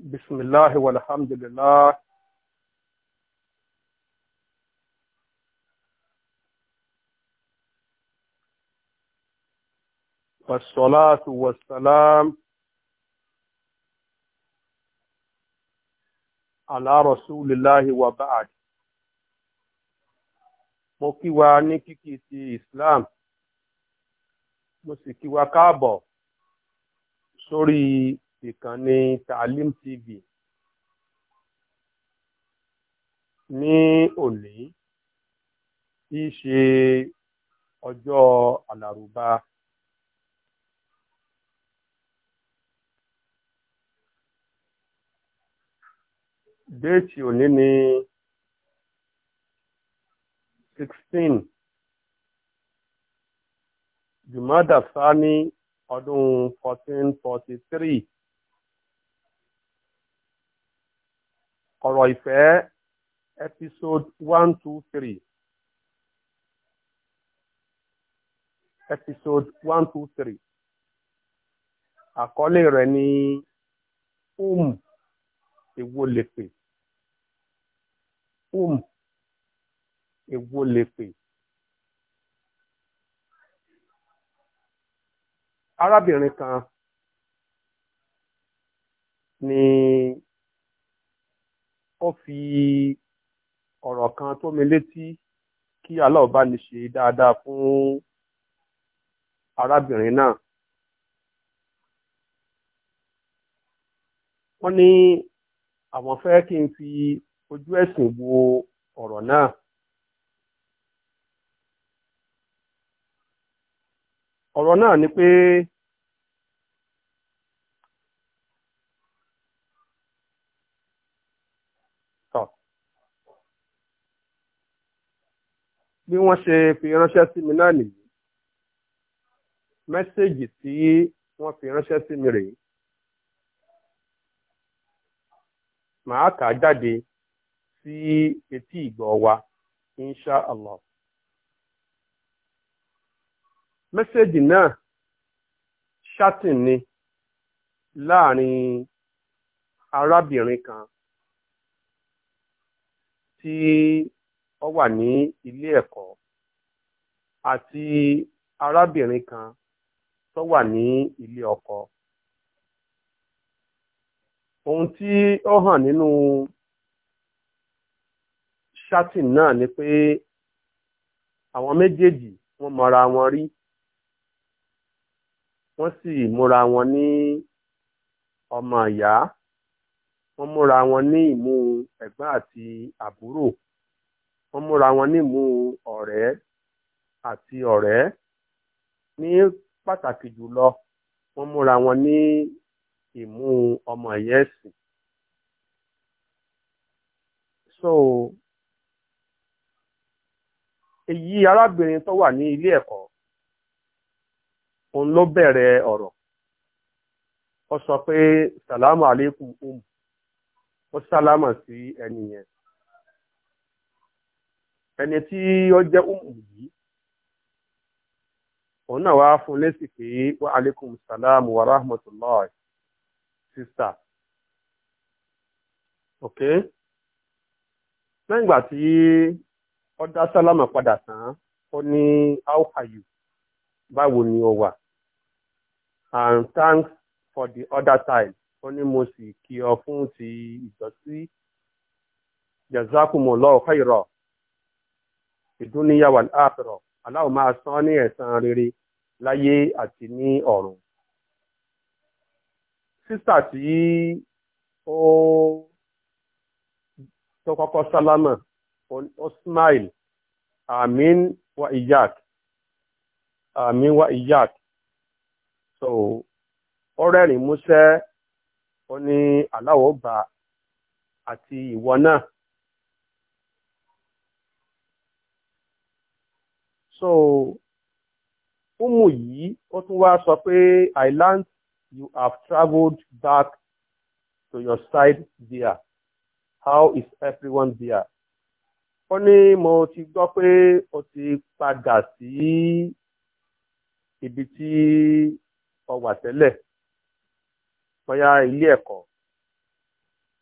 بسم الله والحمد لله والصلاة والسلام على رسول الله وبعد mo kí wa ní kíkí ti Islam mo sì kí wa káàbọ̀ sórí ìkànnì Taalim TV ní òní tí í ṣe ọjọ́ àlàrúbá déètì òní ni sixteen Jumada Sani ọdún fourteen forty three. ọ̀rọ̀ ìfẹ́ episode one two three episode one two three àkọlé rẹ̀ ni um èwo lè pè um èwo lè pè. arábìnrin kan ni. ó fi ọ̀rọ̀ kan tó mi létí kí aláwọ̀ bá dáadáa fún arábìnrin náà. wọ́n ní àwọn fẹ́ kí n fi ojú ẹ̀sìn wo ọ̀rọ̀ náà. ọ̀rọ̀ náà ni pé. bí wọ́n ṣe fi ránṣẹ́ sí mi náà nìyí mẹ́sẹ̀gì tí wọ́n fi ránṣẹ́ sí mi rèé màá kà á jáde sí etí ìgbọ́ wa insha allah mẹ́sẹ̀gì náà ṣátìn ni láàrin arábìnrin kan tí. Ọ wà ní ilé ẹ̀kọ́ àti arábìnrin kan tó wà ní ilé ọkọ ohun tí ó hàn nínú ṣátìn náà ni pé àwọn méjèèjì wọ́n mọra wọn rí wọ́n sì múra wọn ní ọmọ ìyá wọ́n múra wọn ní ìmú ẹ̀gbọ́n àti àbúrò wọ́n múra wọn nímú ọ̀rẹ́ àti ọ̀rẹ́ ní pàtàkì jùlọ wọ́n múra wọn ní ìmú ọmọ ẹ̀yẹ́ so èyí arábìnrin tó wà ní ilé ẹ̀kọ́ òun ló bẹ̀rẹ̀ ọ̀rọ̀ ó sọ pé sàlámù àlékún um ó sálámà sí ẹni yẹn ẹni tí ó jẹ́ ọmọ yìí òun náà wàá fún lésì pé wa alaikum salam wa rahmatullahi sister. ok lẹ́yìn ìgbà tí ó dá sálámà padà tán ó ní how are you báwo ni o wà and thanks for the other time ó ní mo sì kí ọ fún ti ìjọsí jazakumullahu khairan ìdúníyà wal akhirah aláwọ̀ máa san ní ẹ̀san rere láyé àti ní ọ̀run. sísà tí ó tó kọ́kọ́ sálámà ó smile amin wa iyak amin wa iyak so ó rẹ́rìn músẹ́ ó ní aláwọ̀ bá àti ìwọ náà so umu yìí ó tún wá sọ pé i learned you have travelled back to your side there how is everyone there ó ní mo ti gbọ́ pé o ti padà sí ibi tí o wà tẹ́lẹ̀ bóyá ilé ẹ̀kọ́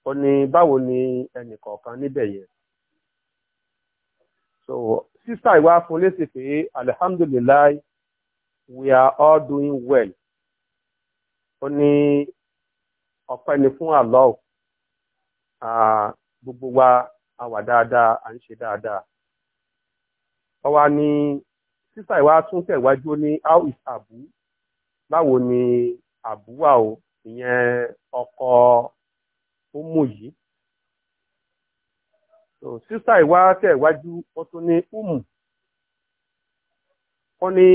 ó ní báwo ni ẹnìkọ̀ọ̀kan níbẹ̀ yẹn so Sister, ìwà fún lésì pé alihamdulilayi we are all doing well ó ní ọpẹ́ ni fún Allah gbogbo wa a wà dáadáa à ń ṣe dáadáa ó wá ní sísá ìwà tún tẹ̀wájú ní how is abu báwo ni àbúwà o ìyẹn ọkọ ó mú yìí so sísá ìwá tẹ̀wájú ó tún ní umu ó ní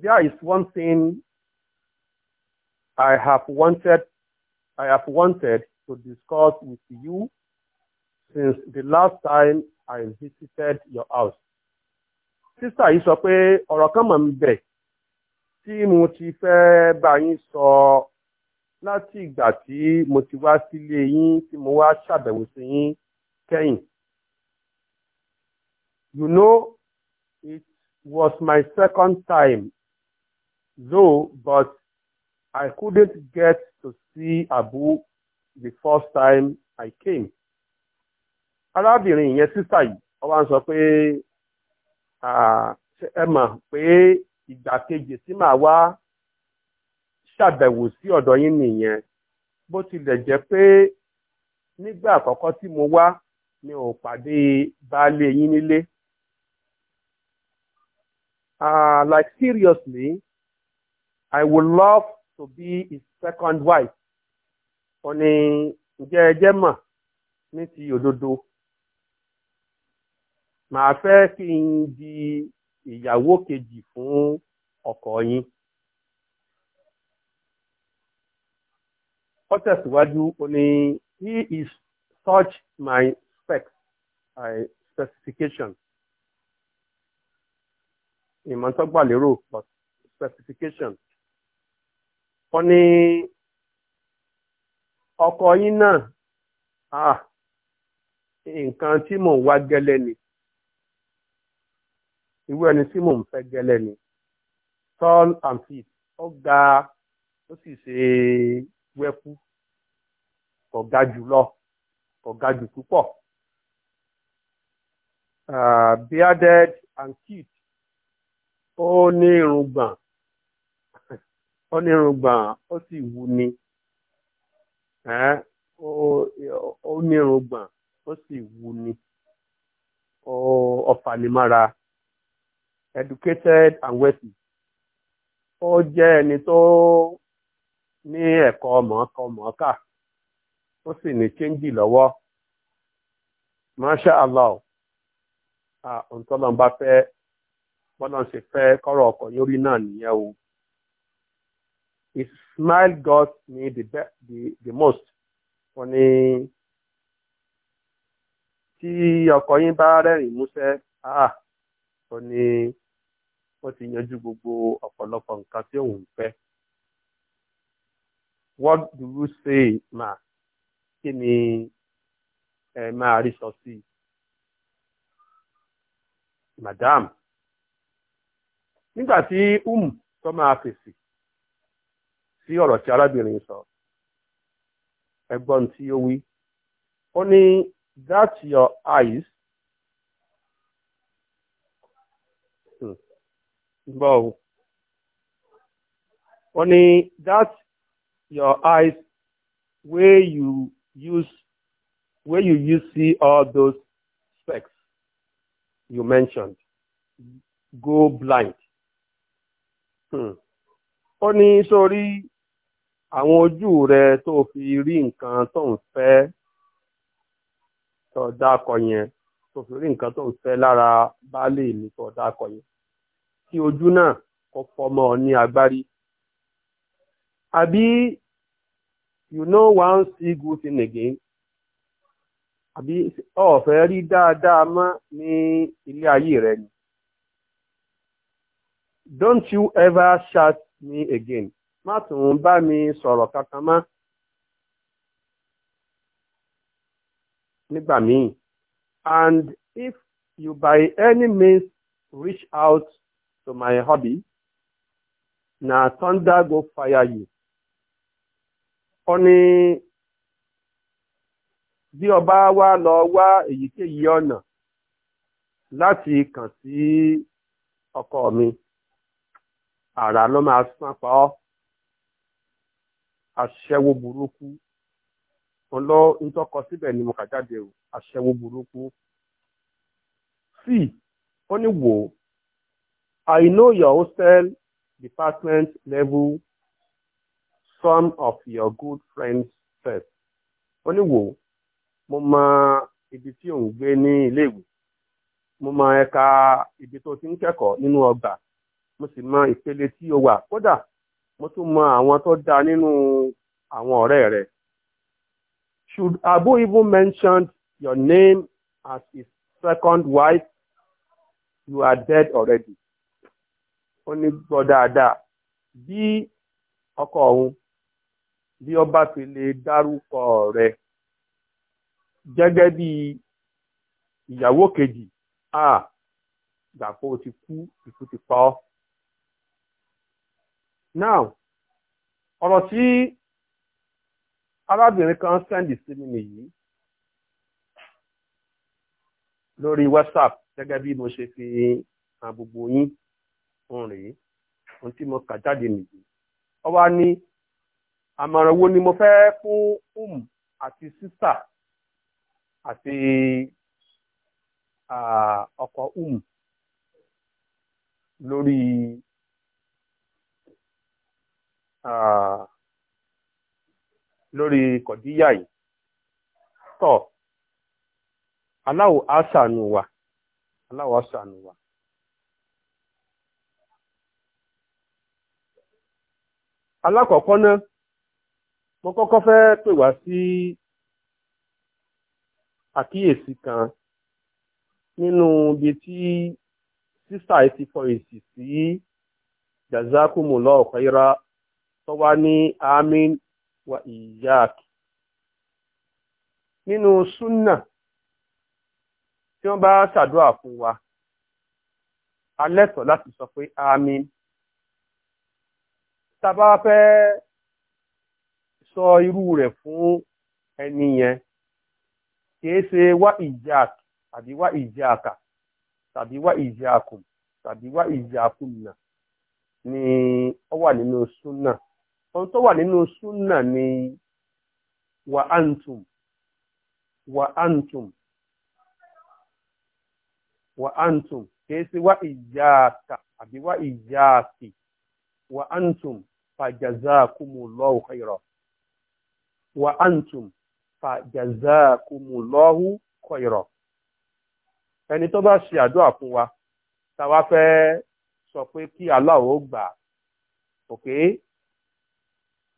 there is one thing I have wanted I have wanted to discuss with you since the last time I visited your house. sísá yìí sọ pé ọ̀rọ̀ kan mọ̀ ń bẹ̀ tí mo ti fẹ́ bá yín sọ láti ìgbà tí mo ti wá sílé yín tí mo wá ṣàbẹ̀wò sí yín kẹ́yìn. You know, it was my second time, though, but I couldn't get to see Abu the first time I came. Arábìnrin yẹn sísà yìí, ó wá ń sọ pé ẹ mọ̀ pé ìgbà kejì tí màá wá ṣàbẹ̀wò sí ọ̀dọ̀ yín nìyẹn. Bó tilẹ̀ jẹ́ pé nígbà àkọ́kọ́ tí mo wá mi ò pàdé baálé yín nílé uh, like seriously, I would love to be his second wife. Oni, ní ǹjẹ́ ẹ jẹ́ mọ̀ ní ti òdodo. Màá fẹ́ kí n di ìyàwó kejì fún ọkọ yín. Ó tẹ̀síwájú ó he is such my specs, my specification ìmọ̀ntọ́gbàlérò but specification wọ́n ní ọkọ yín náà ah, nǹkan tí mò ń wá gẹ́lẹ́ ni irú ẹni tí mò ń fẹ́ gẹ́lẹ́ ni tall and fit ó ga ó sì ṣe wẹ́kú kò ga jù lọ kò ga jù púpọ̀ ah, bearded and cute ó ní ọ si ni ní irùngbọ̀n ó sì ni educated and wealthy ó jẹ́ ẹni tó ní ẹ̀kọ́ mọ̀ọ́kọ́mọ̀ọ́kà ó sì ní kéńjì lọ́wọ́ masha allah bọ́lá ṣe fẹ́ kọ́rọ̀ ọkọ̀ yórí náà nìyẹn o. His smile got me the, the, the most. wọ́n ní tí ọkọ yín bá rẹ́rìn músẹ́ ah ó ní ó ti yanjú gbogbo ọ̀pọ̀lọpọ̀ nǹkan tí òun fẹ́. what do you say ma kí ni ẹ máa rí sọ sí madam nígbà tí um tó máa fèsì sí ọ̀rọ̀ tí arábìnrin sọ ẹgbọ́n tí ó wí ó ní that your eyes hmm. gbọ́ o ó ní that your eyes where you use where you use see all those specs you mentioned go blind Hmm. ó ní sórí àwọn ojú rẹ tó fi rí nǹkan tó ń fẹ́ tó dákọ yẹn tó fi rí nǹkan tó ń fẹ́ lára baálé mi tó dákọ yẹn kí ojú náà kó fọmọ ní agbárí àbí you know one see good thing again àbí ọ̀fẹ́ rí dáadáa mọ́ ní ilé ayé rẹ ni. don't you ever shout me again má tún bá mi sọ̀rọ̀ kankan mọ́ nígbà míì and if you by any means reach out to my hobby na thunder go fire you ó ní bí ọba wa lọ wá èyíkéyìí ọ̀nà láti kàn sí ọkọ mi. àrà ló máa sán pa ọ́ aṣẹ́wó burúkú ọlọ́ ntọ́kọ síbẹ̀ ni mo kà jáde o aṣẹ́wó burúkú sí ó ní wò I know your hostel department level some of your good friends first ó ní wò mo mọ ibi tí ò ń gbé ní iléèwé mo mọ ẹ̀ka ibi tó ti ń kẹ́kọ̀ọ́ nínú ọgbà mo sì mọ ìpele tí o wà kódà mo tún mọ àwọn tó dáa nínú àwọn ọ̀rẹ́ rẹ. Should Abu even mentioned your name as his second wife? You are dead already. Ó ní gbọ́ dáadáa bí ọkọ òun bí ọba fi lè dárúkọ rẹ gẹ́gẹ́ bí ìyàwó kejì a gbà pé o ti kú ikú ti pa ọ́ now ọ̀rọ̀ tí arábìnrin kan sẹ́ndì sí mi nìyí lórí whatsapp gẹ́gẹ́ bí mo ṣe fi hàn gbogbo yín òun rèé ohun tí mo kà jáde nìyí ó wá ní àmọ̀ràn wo ni mo fẹ́ fún um àti sísà àti ọkọ um lórí Ah, lórí kọ̀díyà yìí tọ̀ aláwọ̀ àṣàánú wa aláwọ̀ àṣàánú wa. alákọ̀ọ́kọ́ náà mo kọ́kọ́ fẹ́ pè wá sí àkíyèsí kan nínú ibi tí sísà ti fọ èsì sí jazakumullahu ira. tó wá ní amin wa iyak nínú súnà tí wọ́n bá ṣàdúrà fún wa alẹ́tọ̀ láti sọ pé amin tàbá fẹ́ sọ irú rẹ̀ fún ẹni yẹn kìí ṣe wá ìjáàk tàbí wá ìjáàkà tàbí wá ìjáàkùn tàbí wá ìjáàkùn náà ni ọ wà nínú súnà. ohun tó wà nínú súnà ni wà áǹtùm wà áǹtùm wà áǹtùm kìí sí wá ìyáàkà àbí wá ìyáàkì wà áǹtùm fajazakumullahu khayra wà áǹtùm fajazakumullahu khayra ẹni tó bá ṣe àdúrà fún wa táwa fẹ́ sọ pé kí Allah gbà òkè. Okay?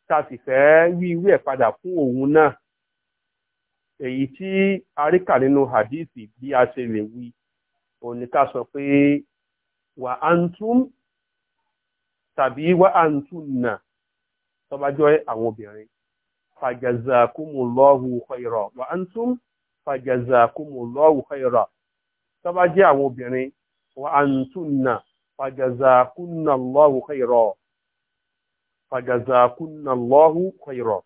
tá a sì fẹ́ wí ìwé ẹ̀ padà fún òun náà èyí tí a rí kà nínú hadithi bí a ṣe lè wí òní ká sọ pé wà á ń tún tàbí wà á ń tún nà tọ́bájọ́ àwọn obìnrin fajazakumullahu khaira wà á ń tún fajazakumullahu khaira tọ́bájọ́ àwọn obìnrin wà á ń tún nà fajazakunnallahu khaira fàjàzàkúnnàlọ́hù kọ̀ìrọ̀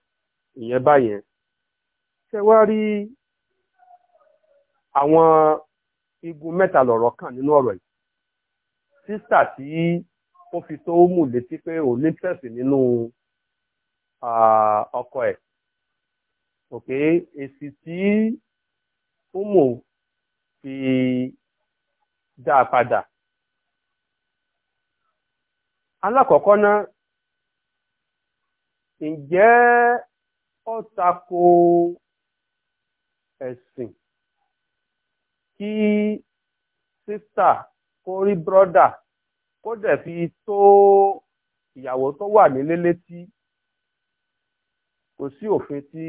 ìyẹn báyẹn ṣe wá rí àwọn igun mẹ́ta lọ̀rọ̀ kàn nínú ọ̀rọ̀ yìí sísà tí ó fi tó mú létí pé ò ní tẹ̀sí nínú ọkọ ẹ̀ òkè èsì tí ó mú fi dá padà alákọ̀ọ́kọ́ náà ǹjẹ́ ó tako ẹ̀sìn kí sísà kó rí brọ́dà kó dẹ̀ fi tó ìyàwó tó wà nílé létí kò sí òfin tí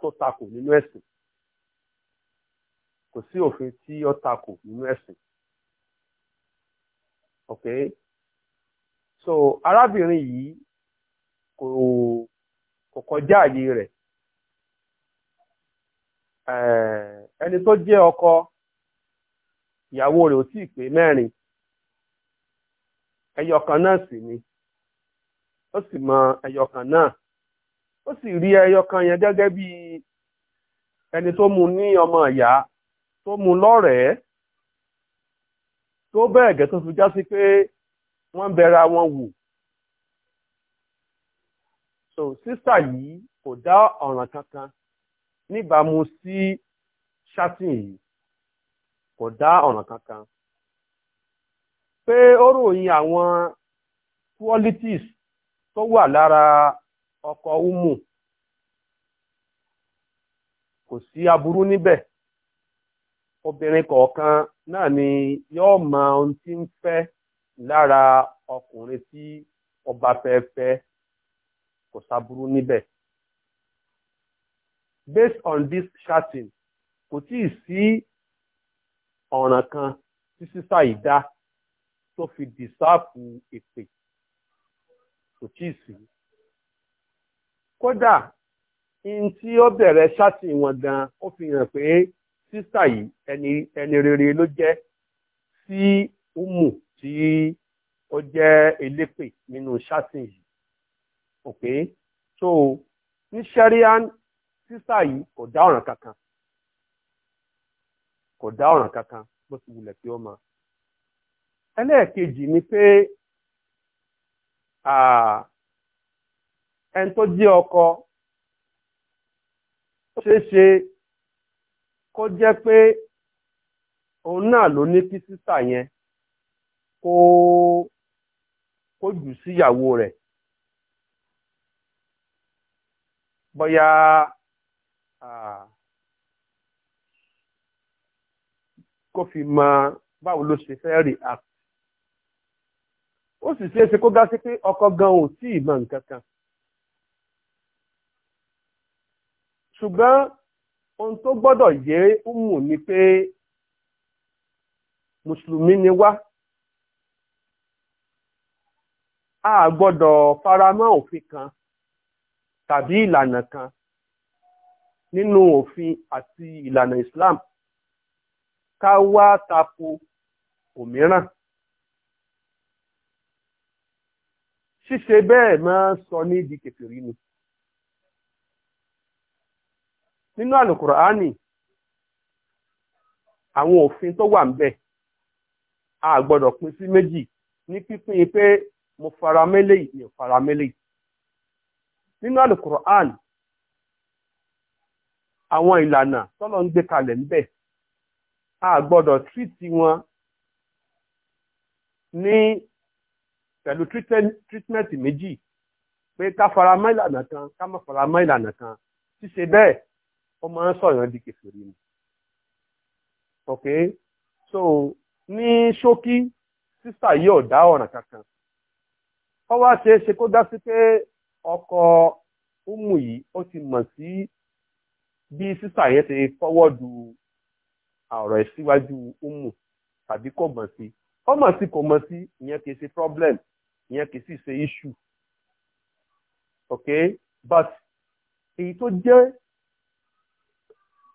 tó takò nínú ẹ̀sìn kò sí òfin tí ó takò nínú ẹ̀sìn okay so arábìnrin yìí kò kò kọjá àyè rẹ eh, ẹni tó jẹ́ ọkọ ìyàwó rẹ̀ ò tí ì pé mẹ́rin ẹyọkan náà sì ni ó sì mọ ẹyọkan náà ó sì rí ẹyọkan kan yẹn gẹ́gẹ́ bí ẹni tó mu ní ọmọ ìyá tó mu lọ́rẹ̀ẹ́ tó bẹ́ẹ̀ gẹ́ tó fi já sí pé wọ́n bẹ̀rẹ̀ wọn wò so sísà yìí kò dá ọ̀ràn kankan níbàámu sí ṣátìn yìí kò dá ọ̀ràn kankan pé ó ròyìn àwọn qualities tó wà lára ọkọ umu kò sí aburú níbẹ̀ obìnrin kọ̀ọ̀kan náà ni yóò mọ ohun tí ń fẹ́ lára ọkùnrin tí ọba fẹ́ fẹ́ kò sáburú níbẹ̀. based on this chatting kò tí ì sí ọ̀ràn kan tí sísá yìí dá tó fi dìsáàpù èpè kò tí ì sí. kódà n tí ó bẹ̀rẹ̀ chatting wọn gan ó fi hàn pé sísá yìí ẹni rere ló jẹ́ sí umu tí ó jẹ́ elépè nínú ṣáàtì yìí ok so ní sherian sísá yìí kò dá ọ̀ràn kankan kò dá ọ̀ràn kankan bó ti wulẹ̀ kí ó máa ẹlẹ́ẹ̀kejì ni pé ẹni tó jẹ́ ọkọ ó ṣeé ṣe kó jẹ́ pé òun náà ló ní kí sísá yẹn kó kó jù síyàwó rẹ̀ bóyá kó fi mọ báwo ló ṣe fẹ́ rí act ó sì ṣe kó gá pé ọkọ gan ò tí ì mọ nǹkan kan ṣùgbọ́n ohun tó gbọ́dọ̀ yé umu ni pé mùsùlùmí ni wá a gbọ́dọ̀ faramọ́ òfin kan tàbí ìlànà kan nínú òfin àti ìlànà Islam ká wá tako òmíràn ṣíṣe bẹ́ẹ̀ máa sọ ní di kèfèrí ni nínú àlùkùránì àwọn òfin tó wà ń bẹ̀ a gbọ́dọ̀ pín sí méjì ní pípín pé mo fara mẹ́lẹ̀ yìí mi ò fara mẹ́lẹ̀ yìí nínú alukur'an àwọn ìlànà tọ́lọ́ ń gbé kalẹ̀ ńbẹ̀ a gbọ́dọ̀ tírìtì wọn ní pẹ̀lú treatment méjì pé ká fara mọ́ ìlànà kan ká má fara mọ́ ìlànà kan ṣíṣe bẹ́ẹ̀ ó máa ń sọ̀yàn di kèfèrí ni. ok so ní ṣókí sísà yóò dá ọ̀ràn kankan kọ́ wá ṣe é ṣe kó dá sí pé ọkọ umu yìí ó ti mọ̀ sí bí sísà yẹn ti fọwọ́dù ọ̀rọ̀ ìsíwájú umu tàbí kò mọ̀ sí kò mọ̀ sí kò mọ̀ sí ìyẹn kì í ṣe problem ìyẹn kì sì ṣe issue ok but èyí tó jẹ́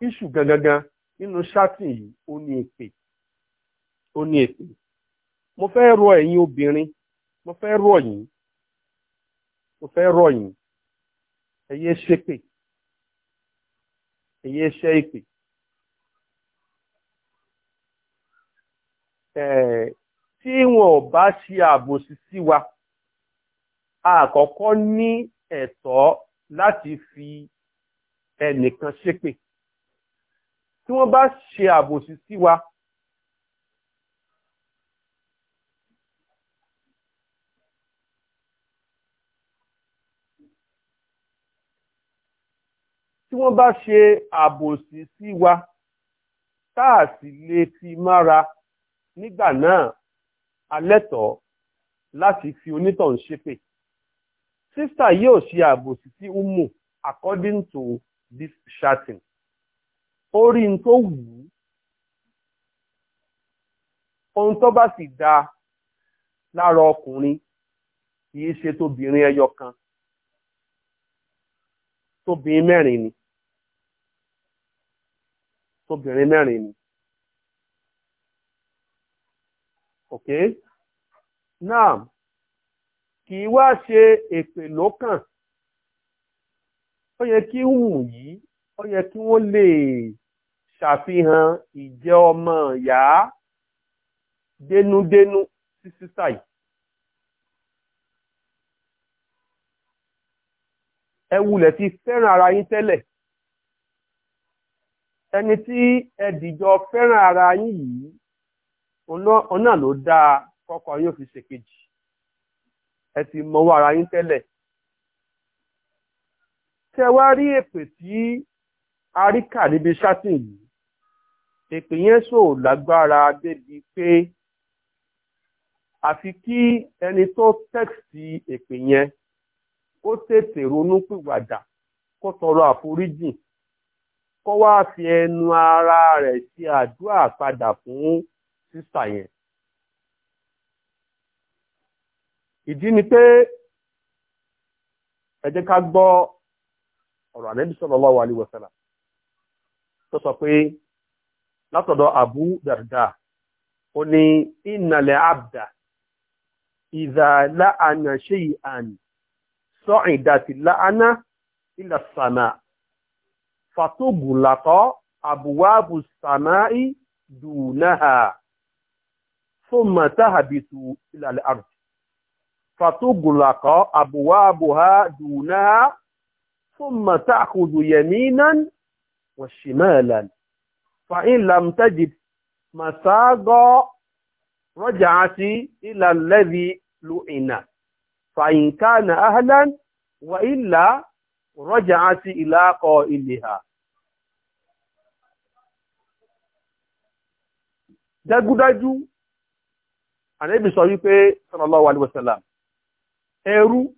issue gangan nínú ṣáàtì yìí ó ní èpè ó ní èpè mo fẹ́ rọ ẹ̀yin obìnrin mo fẹ́ rọ̀ yín mo fẹ́ rọ̀ yín ẹ yé ṣépè ẹ yé ṣẹ́ ìpè tí wọn ò bá ṣe àbòsí sí wa àkọ́kọ́ ní ẹ̀tọ́ láti fi ẹnìkan ṣépè tí wọ́n bá ṣe àbòsí sí wa tí wọ́n bá ṣe àbòsí sí wa tá a sì lè ti mára nígbà náà alẹ́tọ̀ọ́ láti fi onítọ̀hún ṣépè sísà yóò ṣe àbòsí sí umu according to this chatting orí n tó wù ú ohun tó bá sì dáa lára ọkùnrin kì í ṣe tóbìnrin ẹyọ kan tóbìnrin mẹ́rin ni obìnrin mẹ́rin ni ok now kì í wá ṣe èpè lókàn ó yẹ kí wùn yìí ó yẹ kí wọ́n lè ṣàfihàn ìjẹ́ ọmọ ìyá dénúdénú sí sísà ẹ wulẹ̀ ti fẹ́ràn ara yín tẹ́lẹ̀ ẹni tí ẹ dìjọ fẹ́ràn ara yín yìí òun náà ló dáa kọ́kọ́ yóò fi ṣèkejì ẹ ti mọwọ́ ara yín tẹ́lẹ̀ tẹ wá rí èpè tí a rí kà níbi ṣátìn yìí èpè yẹn sò lágbára débi pé àfi kí ẹni tó tẹ́kìtì èpè yẹn kó tètè ronú pìwàdà kó tọrọ àforíjìn kó wá fi ẹnu ara rẹ̀ ṣe àdúrà padà fún sísà yẹn. ìdí ni pé ká gbọ́ ọ̀rọ̀ ànábì sallallahu alaihi wasallam tó sọ pé látọ̀dọ̀ Abu Darda ó ní ìnàlẹ̀ abdà ìdà láàánà sọ ìdàtì láàánà ila فتغلق أبواب السماء دونها ثم تهبط إلى الأرض فتغلق أبوابها دونها ثم تأخذ يمينا وشمالا فإن لم تجد مساغا رجعت إلى الذي لعن فإن كان أهلا وإلا رجعت إلى قائلها dágúdájú ànábì sọ wípé sallallahu alaihi wasallam Eru,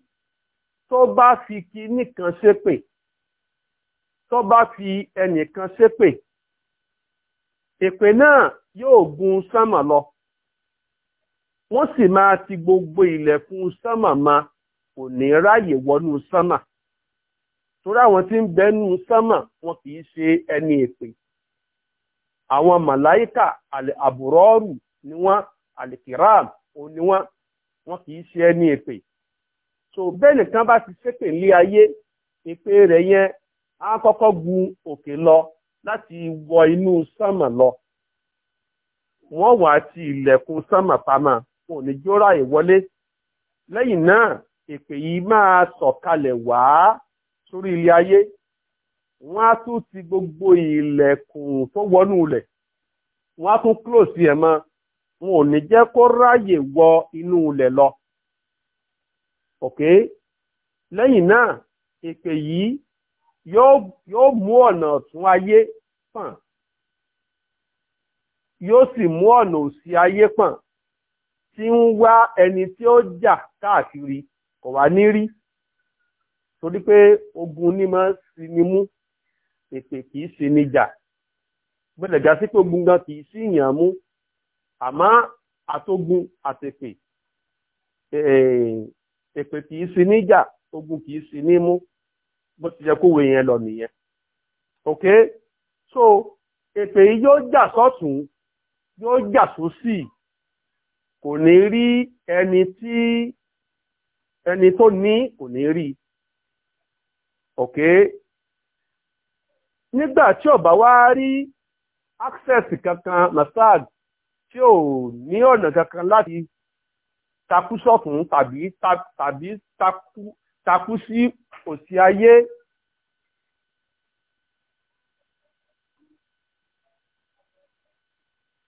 tó bá fi kíní kan ṣépè tó bá fi ẹnìkan ṣépè èpè náà yóò gun sánmà lọ wọ́n sì máa ti gbogbo fun sánmà ma kò ní ráyè wọnú sánmà torí àwọn tí ń bẹnu sánmà wọn kì í ṣe ẹni èpè àwọn màláíkà àbúrọ́ọ̀rù ni wọ́n alikiram ò ní wọ́n wọn kì í ṣe ẹni èpè so bẹ́ẹ̀ nìkan bá ti ṣépè ní ayé èpè rẹ̀ yẹn á kọ́kọ́ gun òkè lọ láti wọ inú sánmà lọ wọ́n wà á ti ilẹ̀kùn sánmà pamọ́ wọn ò ní jórà ìwọlé lẹ́yìn náà èpè yìí máa sọ̀kalẹ̀ wá sórí ilé ayé wọ́n á tún ti gbogbo ilẹ̀kùn tó wọnú ilẹ̀ wọ́n á tún close ẹ̀ mọ́ wọn ò ní jẹ́ kó ráyè wọ inú ilẹ̀ lọ. okay lẹ́yìn náà èpè yìí yóò mú ọ̀nà ọ̀tún ayé pọ̀n yóò sì mú ọ̀nà òsì ayé pọ̀n tí ń wá ẹni tí ó jà káàkiri kò wá ní rí torí pé ogun ní máa ń si ni mú ètè kì í ṣe níjà gbọ́dọ̀ já sí pé ogun gan kì í sí ìyàn mú àmọ́ àtogun àtèpè eh, èpè kì í sí níjà ogun kì í sí ní mú bó ti yẹ kówó yẹn lọ nìyẹn ok so èpè yìí yóò jà sọ́tún yóò jà sósì kò ní rí ẹni tí ẹni tó ní kò ní rí i òkè nígbà tí ọba wá rí access kankan masad tí ò ní ọ̀nà kankan láti takú sọ̀tún tàbí tàbí takú takú sí òsì ayé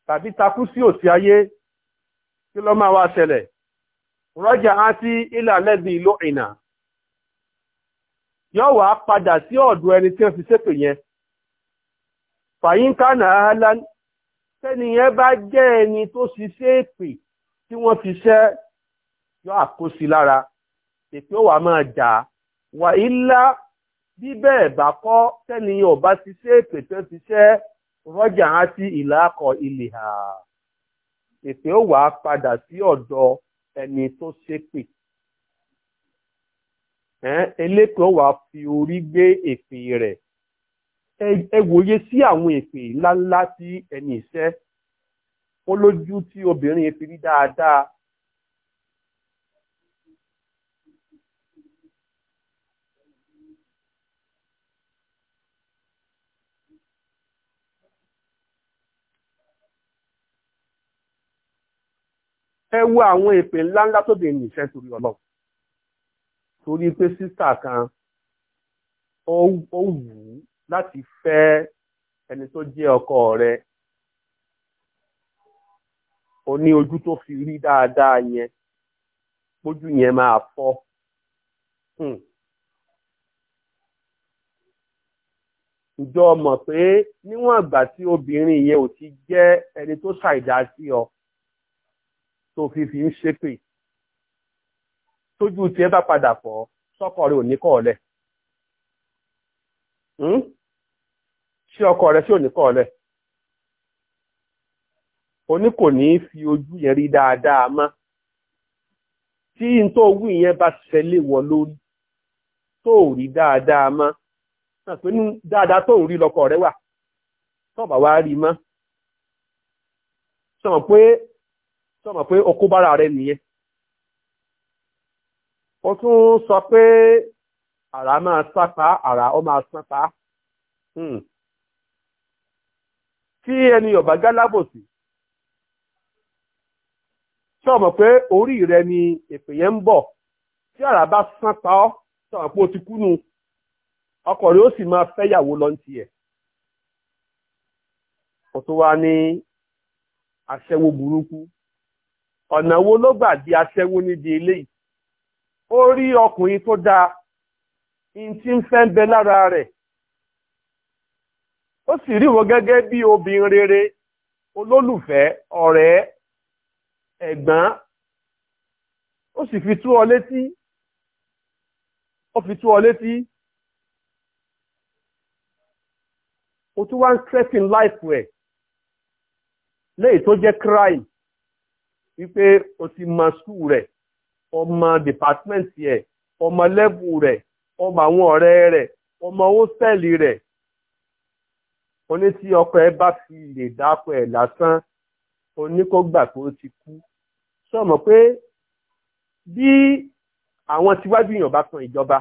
tàbí takú sí òsì ayé kí ló máa wá ṣẹlẹ̀ rọ́jà á sí ilà lẹ́bi ìlú ìnà yóò wá padà sí ọ̀dọ̀ ẹni tí wọ́n fi ṣépè yẹn fàyínká náà lán tẹ́ni yẹn bá jẹ́ ẹni tó ṣiṣẹ́ èpè tí wọ́n fi ṣẹ́ yóò àkóṣí lára èpè ó wàá máa jà wà ilá bí bẹ́ẹ̀ bá kọ́ tẹ́ni yẹn ò bá ṣiṣẹ́ èpè tó fi ṣẹ́ rọ́jà á sí ìlàkọ̀ ilẹ̀ hà èpè ó padà sí ọ̀dọ̀ ẹni tó ṣépè elépe ọ̀wà fi orí gbé èpè rẹ̀ ẹ wòye sí àwọn èpè ńláńlá tí ẹni iṣẹ́ ó lójú tí obìnrin fi rí dáadáa ẹ wo àwọn èpè ńláńlá tóbi ẹni iṣẹ́ torí ọlọ́run torí pé sísà kan ó wù ú láti fẹ́ ẹni tó jẹ́ ọkọ rẹ̀ o ní ojú tó fi rí dáadáa yẹn pójú yẹn máa fọ́ hmm. ǹjọ́ mọ̀ pé níwọ̀n àgbà tí obìnrin yẹn ò ti jẹ́ ẹni tó ṣàìdá sí ọ tó fi fi ń ṣépè tójú tí ẹ bá padà fọ́ sọ́kọ rẹ ò ní hmm? ṣé ọkọ rẹ sí ò ní kọ́ kò ní fi ojú yẹn rí dáadáa mọ́ tí n tó wí yẹn bá ṣẹlẹ̀ wọ lórí tó rí dáadáa mọ́ náà pé ní dáadáa tó ń rí lọ́kọ rẹ wà tó bá wá rí mọ́ sọmọ pé sọmọ pé okó bára rẹ nìyẹn ó tún sọ pé àrà máa sápá àrà ó máa sápá hmm. tí ẹni ọ̀bá gálábòsì tí ọmọ pé orí rẹ ni èpè yẹn ń bọ̀ tí àrà bá sápá ọ tí ọmọ pé ó ti kúnu ọkọ rẹ ó sì máa fẹ́yàwó lọ ẹ̀ wá ní burúkú ọ̀nà wo ló gbà di nídìí eléyìí ó rí ọkùnrin tó dáa in tí ń fẹ́ bẹ lára rẹ̀ ó sì rí wọn gẹ́gẹ́ bí obìnrin rere olólùfẹ́ ọ̀rẹ́ ẹ̀gbọ́n ó sì fi tú ọ létí ó fi tú ọ létí ó tún wá ń threaten life ẹ̀ léyìí tó jẹ́ crime wípé o ti mọ skul rẹ̀ ọmọ dìpátímẹ́ǹtì ẹ̀ ọmọ lẹ́bù rẹ̀ ọmọ àwọn ọ̀rẹ́ rẹ̀ ọmọ hósẹ́ẹ̀lì rẹ̀ oní tí ọkọ ẹ bá fi lè dákọ ẹ lásán oní kó gbà pé ó ti kú sọ mọ̀ pé bí àwọn tíwájú èèyàn bá tan ìjọba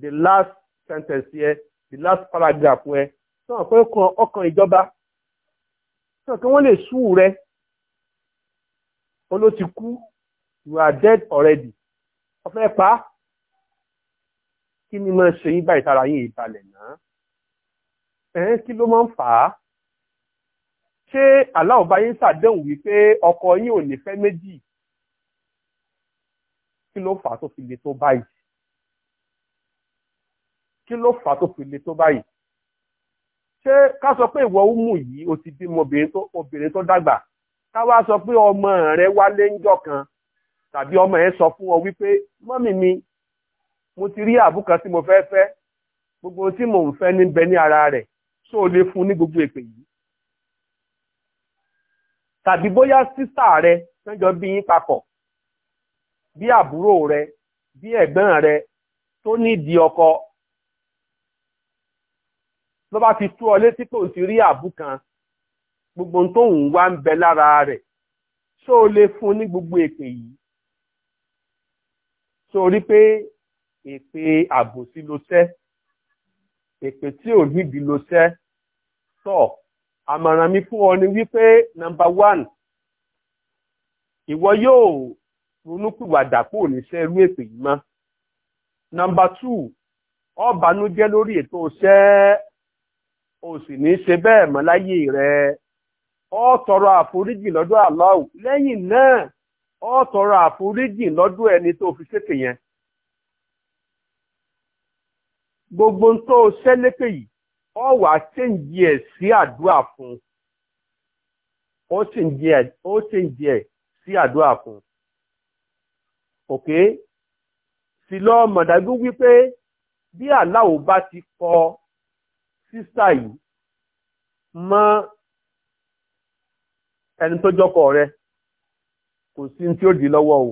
the last sentence yẹ the last paragraph yẹ sọ mọ̀ pé ọkàn ìjọba sọ pé wọ́n lè sú rẹ ó ló ti kú you are dead already ọfẹ́ pa kí ni máa ṣe yín báyìí tára yín ìbalẹ̀ náà ẹ̀ẹ́n kí ló máa ń fà á ṣé aláwọ̀ bá yín ṣàdéhùn wípé ọkọ yín ò ní fẹ́ méjì kí ló fà á tó fi le tó báyìí kí ló fà á tó fi le tó báyìí ṣé ká sọ pé ìwọ umu yìí o ti bímọ obìnrin tó dàgbà ká wá sọ pé ọmọ rẹ wálé ńjọ́ kan tàbí ọmọ ẹ sọ fún ọ wípé mọ́mì mi mo ti rí àbúkan tí mo fẹ́ fẹ́ gbogbo tí mò ń fẹ́ níbẹ̀ ní ara rẹ̀ ṣó o lè fún ní gbogbo èpè yìí tàbí bóyá sísà rẹ tẹ́jọ bí yín papọ̀ bí àbúrò rẹ bí ẹ̀gbọ́n rẹ tó nídìí ọkọ ló bá fi tú ọ létí pé òun ti rí àbúkan gbogbo tóun wá ń bẹ lára rẹ̀ ṣó o lè fún ní gbogbo èpè yìí sórí pé èpè àbòsí ló tẹ́ èpè tí ò nídìí ló tẹ́ tọ̀ àmọ̀ràn mi fún ọ ni wípé nọmba one ìwọ yóò ronúpìwàdà pò ní ṣe irú èpè yìí mọ́ nọmba two ọbànújẹ́ lórí ètò iṣẹ́ o sì ní ṣe bẹ́ẹ̀ mọ́ láyé rẹ ọ tọrọ àforíjì lọ́dọ̀ Allah lẹ́yìn náà ọ tọrọ àforíjì lọ́dún ẹni tó fi ṣépè yẹn gbogbo ń tó ṣẹ́lépè yìí ọ wà ṣèǹjì ẹ̀ sí àdúrà fún ó ṣèǹjì ẹ̀ sí àdúrà fún òkè sì lọ mọ̀dájú wípé bí aláwo bá ti kọ sísá yìí mọ ẹni tó jọkọ̀ rẹ kò sí ní tí ó di lọ́wọ́ o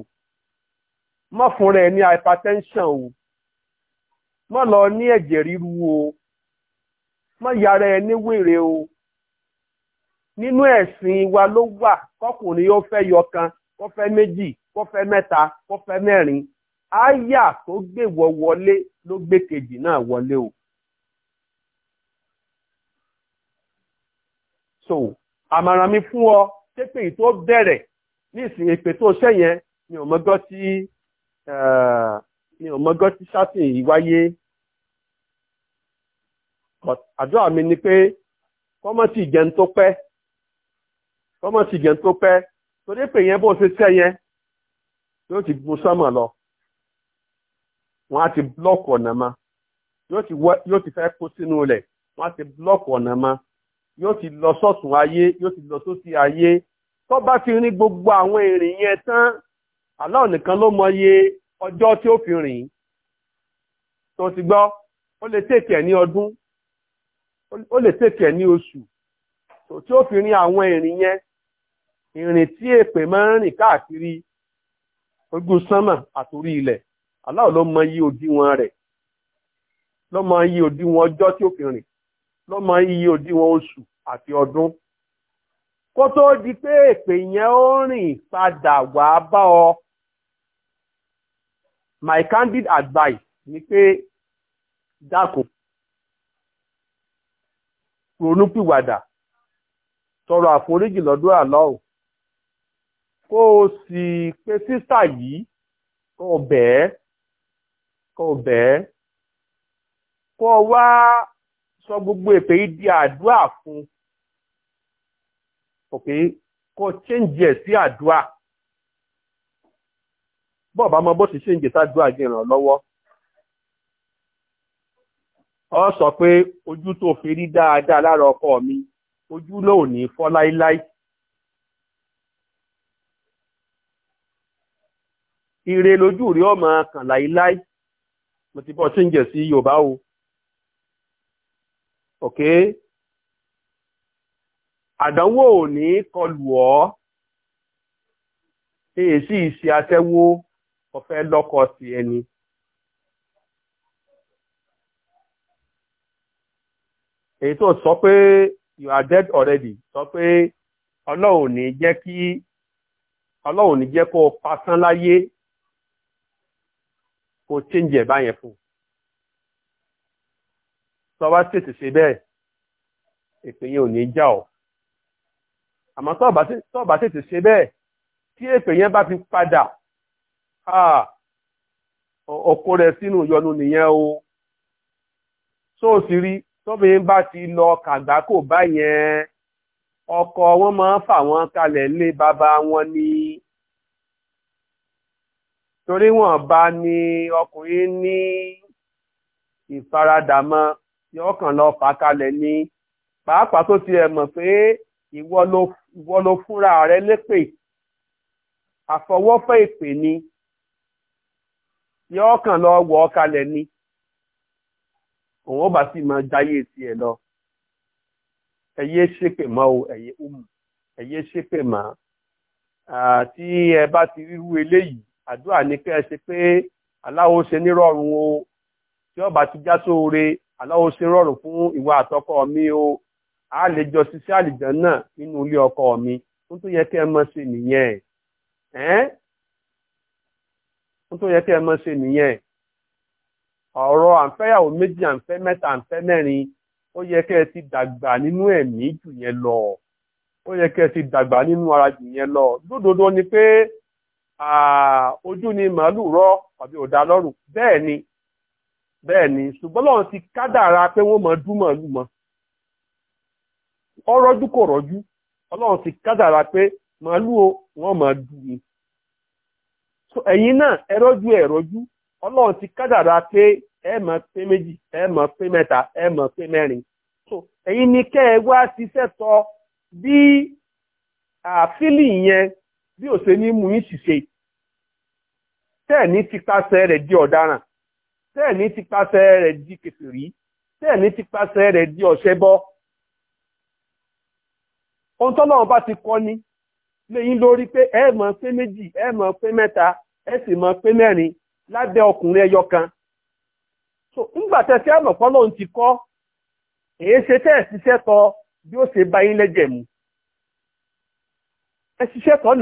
má fúnra ẹ ní hypertension o má lọ ní ẹ̀jẹ̀ ríru o má yára ẹ ní wèrè o nínú ẹ̀sìn wa ló wà kọkùnrin ó fẹ́ yọkan kó fẹ́ méjì kó fẹ́ mẹ́ta kó fẹ́ mẹ́rin áyà tó gbèwọ wọlé ló gbé kejì náà wọlé o. so àmàràn mi fún ọ ṣé pé tó bẹ̀rẹ̀ ní ìsìn èpè tó ṣẹ́ yẹn mi ò tí mi ò tí ṣátìn yìí wáyé àdúrà mi ni pé kọ́mọ́tì ìjẹun tó pẹ́ kọ́mọ́tì ìjẹun tó pẹ́ torí pé yẹn bó ṣe ṣẹ́ yẹn yóò ti gbó sọ́mọ̀ lọ wọ́n á ti blọ́ọ̀kì ọ̀nà ma yóò ti fẹ́ kó sínú rẹ̀ wọ́n á ti blọ́ọ̀kì ọ̀nà ma yóò ti lọ sọ́tún ayé yóò ti lọ sósì ayé tó bá ti gbogbo àwọn ìrìn yẹn tán Allah nìkan ló mọye ọjọ́ tí ó fi rìn tó ti gbọ́ ó lè tètè ní ọdún ó lè tètè ní oṣù tí ó fi rí àwọn ìrìn yẹn ìrìn tí èpè máa ń rìn káàkiri ojú sánmà àtòrí ilẹ̀ ló mọ iye òdiwọ̀n rẹ̀ ló mọ iye òdiwọ̀n ọjọ́ tí ó fi rìn ló mọ iye òdiwọ̀n oṣù àti ọdún kó tó di pé èpè yẹn ó rìn padà wá bá ọ my candid advice ni pé dákun ronúpìwàdà tọrọ àforíjì lọ́dọ̀ àlọ́ ò kó o sì pé sísà yìí kó o bẹ̀ẹ́ kó o bẹ̀ẹ́ kó o wá sọ gbogbo èpè yìí di àdúrà fún un ok kọ change ẹ̀ sí àdúrà bọ́ọ̀ bá mọ bó ti change sádùá jẹ́ ràn lọ́wọ́ ọ sọ pé ojú tó fi rí dáadáa lára ọkọ mi ojú lòun ní fọ́ láíláí ire lójú rí ọmọ kan láíláí mo ti bọ́ change sí yorùbá o ok. àdánwò ò ní kọlù ọ́ èsì ìṣe aṣẹ́wó ọ̀fẹ́ lọ́kọ sí ẹni. èyí tó sọ pé you are dead already sọ pé ọlọ́run ní jẹ́ kí ọlọ́run ní jẹ́ kó pasán láyé kó o change ẹ̀ báyẹn fún sọ wá tètè ṣe bẹ́ẹ̀ èpè yẹn ò ní já ọ́ àmọ́ tọ́ọ̀bá tètè ṣe bẹ́ẹ̀ tí èpè yẹn bá fi padà ọkọ rẹ̀ sínú yọnu nìyẹn o so sì rí tọ́bìnrin bá ti lọ kàgbákò báyẹn ọkọ wọn máa ń fà wọn kalẹ̀ lé bàbá wọn ni torí wọn bá ní ọkùnrin ní ìfaradà mọ́ yọkàn lọ fà kalẹ̀ ni pàápàá tó tiẹ̀ mọ̀ pé ìwọ ló ìwọ ló fúnra rẹ lépè àfọwọ́fẹ́ ìpè ni yọ kàn lọ wọ̀ ọ́ kalẹ̀ ni òun ó bá sì máa jáyé tiẹ̀ lọ ẹ̀yẹ́ ṣépè mọ́ o ẹ̀yẹ́ umu ẹ̀yẹ́ ṣépè mọ́ tí ẹ bá ti ríru eléyìí àdúrà ní kẹ́ ẹ ṣe pé aláwo ṣe nírọ̀rùn o tí ọba ti já sóore aláwo ṣe rọ̀rùn fún ìwà àtọkọ mi o a lè jọ ṣiṣẹ́ àlìjàn náà nínú ilé ọkọ mi n tó yẹ kí ẹ mọ̀ ṣe nìyẹn ẹ́n n tó yẹ kí ẹ mọ̀ ṣe nìyẹn ọ̀rọ̀ àǹfẹ́yàwó méjì àǹfẹ́ mẹ́ta àǹfẹ́ mẹ́rin ó yẹ kí ẹ ti dàgbà nínú ẹ̀mí jù yẹn lọ ó yẹ kí ẹ ti dàgbà nínú ara jù yẹn lọ lódodo ni pé ojú ni màálù rọ àbí òdà lọ́rùn bẹ́ẹ̀ ni bẹ́ẹ̀ ni ṣùgbọ́n lọ́run ti kádàrá pé wọ́n mọ̀ dún màálù mọ́ ọ rọ́jú kò rọ́jú ọlọ́run ti kádàrà pé màálù o wọ́n máa dùn ni so ẹ̀yin náà ẹ rọ́jú ẹ rọ́jú ọlọ́run ti kádàrà pé ẹ máa pé méjì ẹ máa pé mẹ́ta ẹ máa pé mẹ́rin so ẹ̀yin ni kẹ́ ẹ wá ṣiṣẹ́ tọ bí àfílì yẹn bí ò ṣe ní mú yín ṣiṣẹ́ tẹ́ẹ̀ní ti rẹ̀ di ọ̀daràn tẹ́ẹ̀ní ti rẹ̀ di kèfèrí tẹ́ẹ̀ní ti rẹ̀ di ọ̀ṣẹ́bọ ohun tọ́lọ́run bá ti kọ́ ni lẹ́yìn lórí pé ẹ mọ̀ pé méjì ẹ mọ̀ pé mẹ́ta ẹ sì mọ̀ pé mẹ́rin lábẹ́ ọkùnrin ẹyọ kan so ńgbà tẹ́ sí àmọ̀ pọ́lọ́run ti kọ́ èyí ṣe tẹ́ ẹ̀ tọ bí ó ṣe bá yín lẹ́jẹ̀ mu ẹ ṣiṣẹ́ tọ́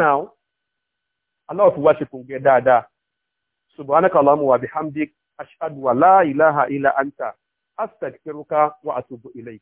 náà fi wá ṣe dáadáa wa